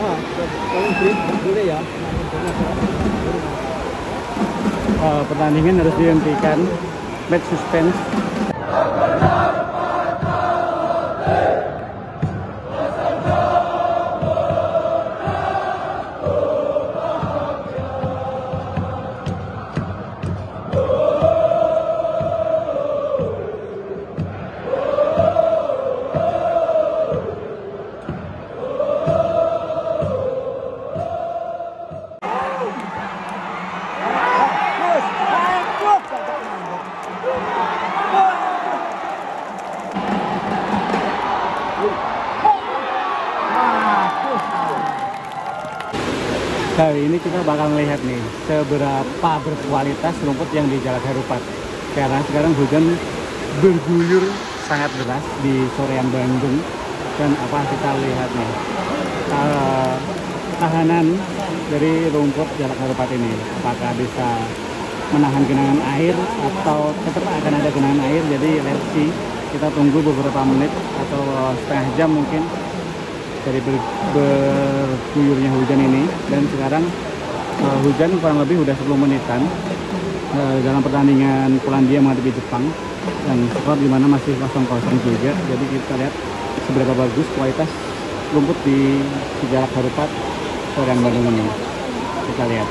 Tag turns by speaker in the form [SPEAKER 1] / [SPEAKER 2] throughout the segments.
[SPEAKER 1] Eh, pertandingan harus dihentikan match suspense Kali ini kita bakal melihat nih seberapa berkualitas rumput yang di Jalan Harupat. Karena sekarang hujan berguyur sangat deras di sorean Bandung dan apa kita lihat nih uh, tahanan dari rumput Jalan Harupat ini apakah bisa menahan genangan air atau tetap akan ada genangan air jadi let's see kita tunggu beberapa menit atau setengah jam mungkin dari ber, berguyurnya hujan ini dan sekarang uh, hujan kurang lebih sudah 10 menitan uh, dalam pertandingan Polandia menghadapi Jepang dan skor di mana masih kosong-kosong juga jadi kita lihat seberapa bagus kualitas rumput di sejarah Harupat Korea Bandung ini kita lihat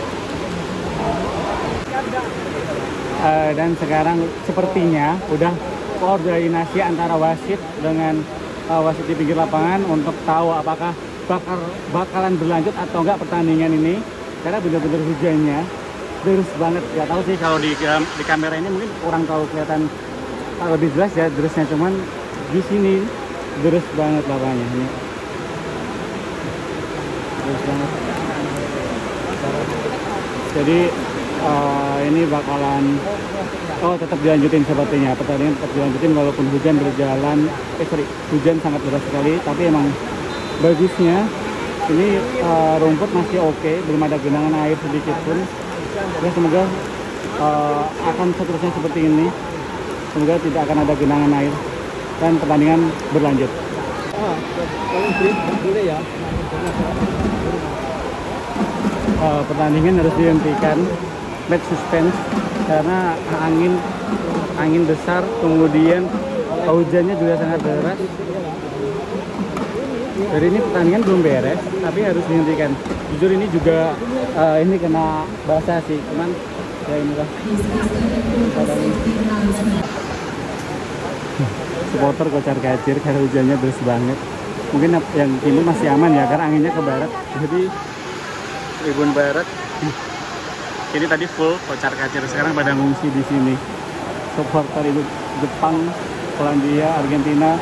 [SPEAKER 1] uh, dan sekarang sepertinya udah koordinasi antara wasit dengan uh, wasit di pinggir lapangan untuk tahu apakah bakal bakalan berlanjut atau enggak pertandingan ini karena benar-benar hujannya deras banget nggak tahu sih kalau di, di kamera ini mungkin kurang tahu kelihatan lebih jelas ya derasnya cuman di sini deras banget lapangannya ini deras banget jadi uh, ini bakalan Oh tetap dilanjutin sepertinya pertandingan tetap dilanjutin walaupun hujan berjalan eh sorry hujan sangat deras sekali tapi emang bagusnya ini uh, rumput masih oke okay, belum ada genangan air sedikit pun ya semoga uh, akan seterusnya seperti ini semoga tidak akan ada genangan air dan pertandingan berlanjut. Uh, pertandingan harus dihentikan match suspense karena angin angin besar kemudian hujannya juga sangat deras jadi ini pertandingan belum beres tapi harus dihentikan jujur ini juga uh, ini kena basah sih cuman ya inilah supporter kocar kacir karena hujannya deras banget mungkin yang timur masih aman ya karena anginnya ke barat jadi ribun barat ini tadi full kocar kacir sekarang pada ngungsi di sini. Supporter itu Jepang, Polandia, Argentina,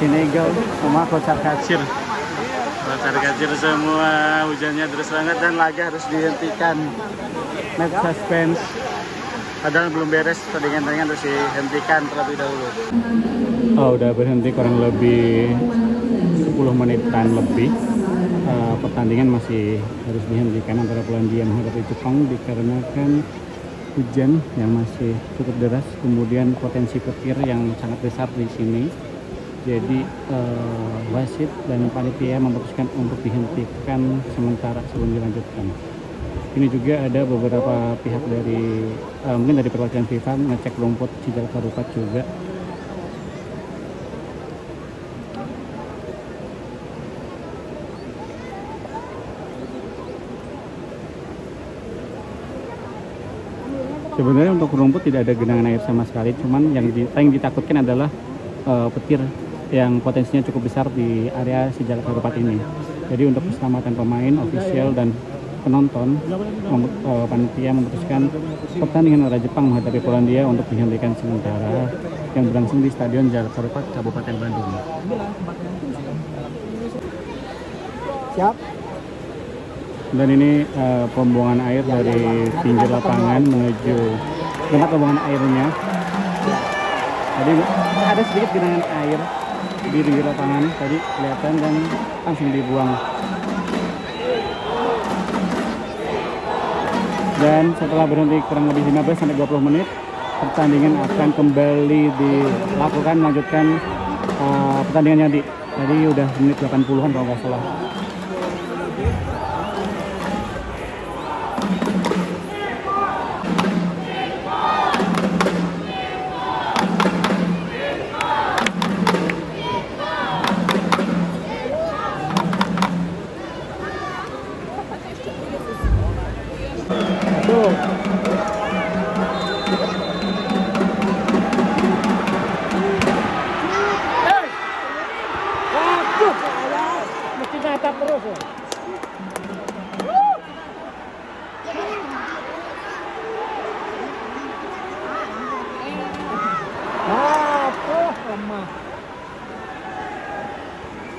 [SPEAKER 1] Senegal, semua kocar kacir. Kocar kacir semua, hujannya terus banget dan laga harus dihentikan. Net suspense. Padahal belum beres pertandingan-pertandingan harus dihentikan terlebih dahulu. Oh, udah berhenti kurang lebih 10 menitan lebih. Eh, pertandingan masih harus dihentikan antara Polandia menghadapi Jepang dikarenakan hujan yang masih cukup deras, kemudian potensi petir yang sangat besar di sini. Jadi uh, wasit dan panitia memutuskan untuk dihentikan sementara sebelum dilanjutkan. Ini juga ada beberapa pihak dari uh, mungkin dari perwakilan FIFA mengecek rumput Cijal Rupat juga sebenarnya untuk rumput tidak ada genangan air sama sekali cuman yang di, yang ditakutkan adalah uh, petir yang potensinya cukup besar di area sejarah kabupaten ini jadi untuk keselamatan pemain ofisial dan penonton mem, uh, panitia memutuskan pertandingan arah Jepang menghadapi Polandia untuk dihentikan sementara yang berlangsung di Stadion Jalakarupat Kabupaten Bandung siap dan ini uh, pembuangan air dari pinggir lapangan menuju tempat pembuangan airnya Tadi ada sedikit genangan air di pinggir lapangan tadi kelihatan dan langsung dibuang dan setelah berhenti kurang lebih 15-20 menit pertandingan akan kembali dilakukan melanjutkan uh, pertandingannya di tadi udah menit 80-an kalau nggak salah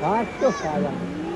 [SPEAKER 1] 啊，就啥呀？